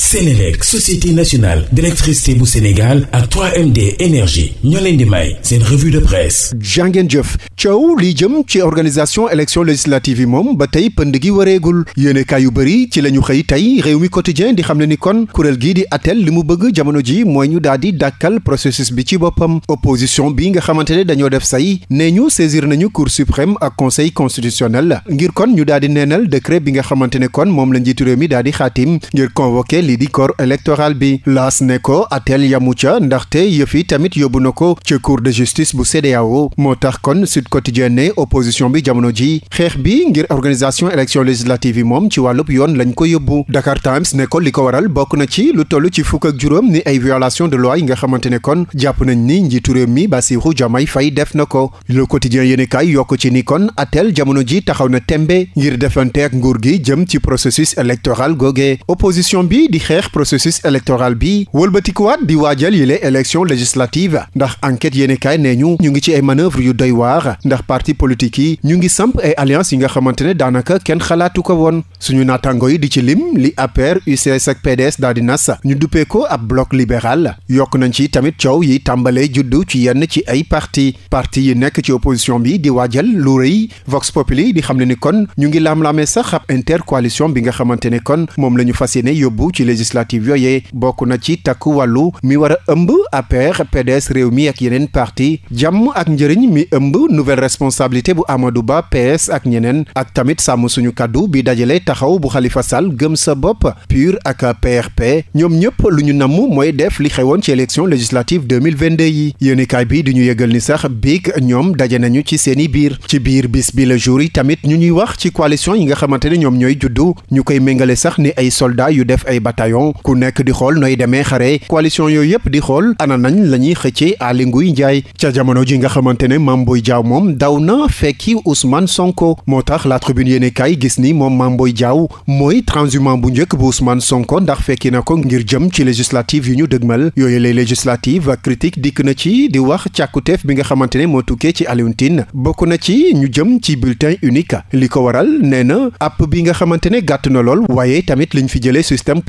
Sénélec société nationale d'électricité bu Sénégal ak 3MD énergie ñoo leen di may seen revue de presse. jàngeen jëf coow lii jëm ci organisation élection législative yi moom ba tey pënd gi wareegul yéenekaay yu bëri ci la ñu xëy tey réew mi quotidien di xam ne ni kon kuréel gii di attelle li mu bëgg jamono ji mooy ñu daal di dàkkal processus bi ci boppam opposition bi nga xamante ne dañoo def say nee ñu saisir nañu cour suprême ak conseil constitutionnel ngir kon ñu daal di neenal décret bi nga xamante ne kon moom la njiitu réew mi daal di xaatim lii di corps électoral bi laas ne ko atel yamu ca ndaxte yëfi tamit yóbbu na ko ca cour de justice bu CEDEAO moo tax kon Sud Quotidien ne opposition bi jamono ji xeex bi ngir organisation élection législative yi moom ci wàllub yoon lañ ko yóbbu Dakar Times ne ko li ko waral bokk na ci lu toll ci fukk ak juróom ni ay violation de loi yi nga xamante ne kon jàpp nañ ni njiitu réew mi Bassirou Diomaye fay def na ko le quotidien yéenekaay yokk ci ni kon atel jamono ji taxaw na tembe ngir defante nguur gi jëm ci processus électoral goge di xeex processus électoral bi wëlbatikuwaat di waajal yile élection législative ndax enquête yéeni nee ñu ñu ngi ci ay manœuvre yu doy waar ndax parti politique yi ñu ngi samp ay alliance yi nga xamante ne daanaka kenn xalaatu ko woon suñu naataango yi di ci lim li APR UCS ak PDS daal di nas ñu duppee ko ab bloc libéral yokk nañ ci tamit coow yi tàmbalee juddu ci yenn ci ay parti parti yi nekk ci opposition bi di waajal lu rëy Vox Populi di xam ne ni kon ñu ngi laam-laamee sax ab bi nga xamante ne kon moom la ñu fas yéene yóbbu ci législative yooyee bokk na ci takku wàllu mi war a ëmb APR PDS réew mi ak yeneen parti jàmm ak njëriñ mi ëmb nouvelle responsabilité bu amadu Ba PS ak ñeneen ak tamit sàmm suñu kàddu bi dajale taxaw bu xalifa Sall gëm sa bopp PUR ak PRP ñoom ñëpp lu ñu namm mooy def li xewoon ci élection législative 2022 yi yéenekaay bi di ñu yëgal ni sax biig ñoom daje nañu ci seeni biir ci biir bis bi la jour yi tamit ñu ñuy wax ci coalition yi nga xamante ne ñoom ñooy juddu ñu koy méngale sax ni ay soldat yu def ay bataillon ku nekk di xool nooy demee xare coalition yooyu yëpp di xool ana nañ la ñuy xëccee Aly Ngouille Ndiaye ca jamono ji nga xamante ne Mame Boye Diao moom daw na fekki Ousmane Sonko moo tax la tribune yéene kaay gis ni moom Mame Boye Diao mooy transhumant bu njëkk bu Ousmane Sonko ndax fekki na ko ngir jëm ci législative yi ñu dëgmal yooyu les législatives ak critique dikk na ci di wax càkkuteef bi nga xamante ne moo tukkee ci Alioune Tine bokk na ci ñu jëm ci bulletin unique li ko waral nee na app bi nga xamante ne gàtt na lool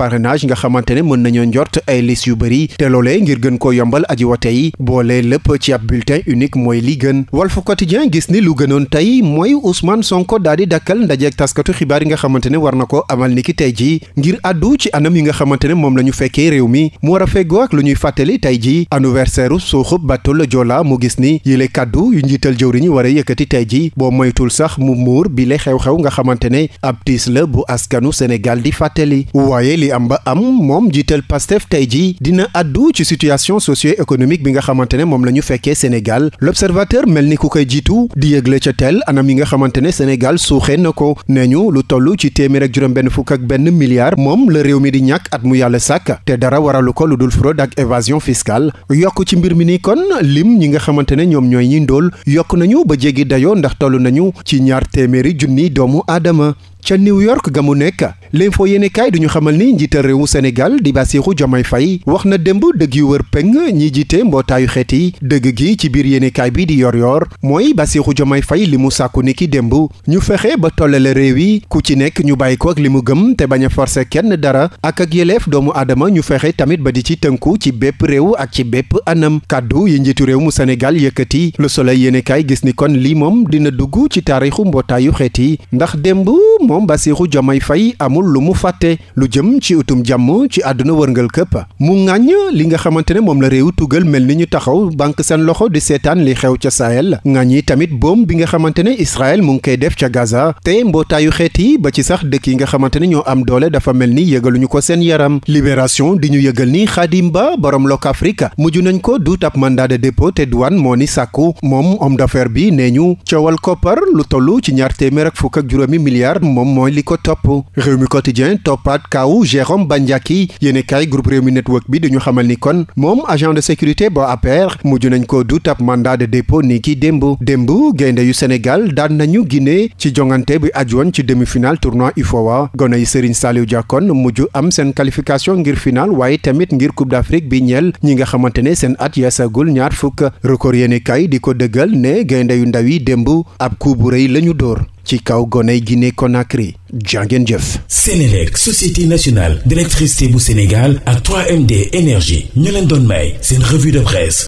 parrainage nga xamante ne mën nañoo njort ay liste yu bëri te loolee ngir gën koo yombal aji wote tey boole lépp ci ab bulletin unique mooy li gën Walf Quotidien gis ni lu gënoon tey mooy Ousmane son daal di dakkal ndajeek taskatu xibaar yi nga xamante ne war na ko amal niki tey ji ngir addu ci anam yi nga xamante ne moom la ñu fekkee réew mi mu war a feggoo ak lu ñuy fàttali tey ji anniversaire u suuxub batul Joola mu gis ni yile kàddu yu njiital jëwriñ yi war a tey ji boo moytul sax mu muur bi le xew-xew nga xamante ne ab la bu askanu Sénégal Samba Am moom jiital Pastef tey jii dina addu ci situation socio-économique bi nga xamante ne moom la ñu fekkee Sénégal l'observateur mel ni ku koy jiitu di yëgle ca teel anam yi nga xamante ne Sénégal suuxee na ko nee ñu lu toll ci téeméer ak fukk ak benn milliard moom la réew mi di ñàkk at mu yàlla sàkka te dara waralu ko lu dul fraude ak évasion fiscale yokk ci mbir mi ni kon lim ñi nga xamante ne ñoom ñooy ñi ndóol yokk nañu ba jéggi dayoo ndax toll nañu ci ñaar téeméeri junni doomu aadama ca New York ga mu nekk l'info yéenekaay du ñu xamal ni njiital réewu Sénégal di Bassirou Diomaye fay wax na démb dëgg yu wër peng ñi jiite mbootaayu xeet yi dëgg gi ci biir yeneekaay bi di yor-yor mooy Bassirou Diomaye fay li mu sàkku ni ki démb ñu fexe ba tollale réew yi ku ci nekk ñu bàyyi ko ak li mu gëm te bañ a forcer kenn dara ak ak yeleef doomu aadama ñu fexe tamit ba di ci tënku ci bépp réew ak ci bépp anam kàddu yi njiitu réew mu Sénégal yëkkati Le Soleil yéenekaay gis ni kon lii moom dina dugg ci taarixu mbootaayu xeet yi ndax démb moom Bassirou Diomaye Faye amul lu mu fàtte lu jëm ci utum jàmm ci àdduna wërngal këpp mu ŋàññ li nga xamante ne moom la réew tugal mel ni ñu taxaw banque seen loxo di seetaan li xew ca Sahel ŋàññi tamit boom bi nga xamante ne Israël mu ngi koy def ca Gaza te mbootaayu xeet yi ba ci sax dëkk yi nga xamante ne ñoo am doole dafa mel ni yëgaluñu ko seen yaram Libération di ñu yëgal ni Khadim Ba borom Lok Afrique mujj nañ ko duut ab mandat de dépôt te douane moo ni sàkku moom homme d'affaires bi nee ñu coowal koppar lu toll ci ñaar téeméer fukk ak juróomi milliards moom mooy li ko topp réew mi quotidien toppaat kaw Jérôme Bandiaki yéene kaay groupe réew mi network bi dañu xamal ni kon moom agent de sécurité ba APR mujj nañ ko du ab mandat de dépôt ni ki démb démb gaynde yu Sénégal daan nañu Guinée ci jongante bi ajoon ci demi-finale tournoi UFOA gone yi Serigne Saliou Dia kon mujj am seen qualification ngir final waaye tamit ngir Coupe d'Afrique bi ñeel ñi nga xamante ne seen at yasagul ñaar fukk record yéene kaay di ko dëggal ne gaynde yu ndaw yi démb ab coup bu rëy lañu dóor ci kaw goney Guinée Conakry jàngeen jëf. Sénélec société nationale d'électricité bu Sénégal ak 3MD énergie ñu leen doon may seen revue de presse.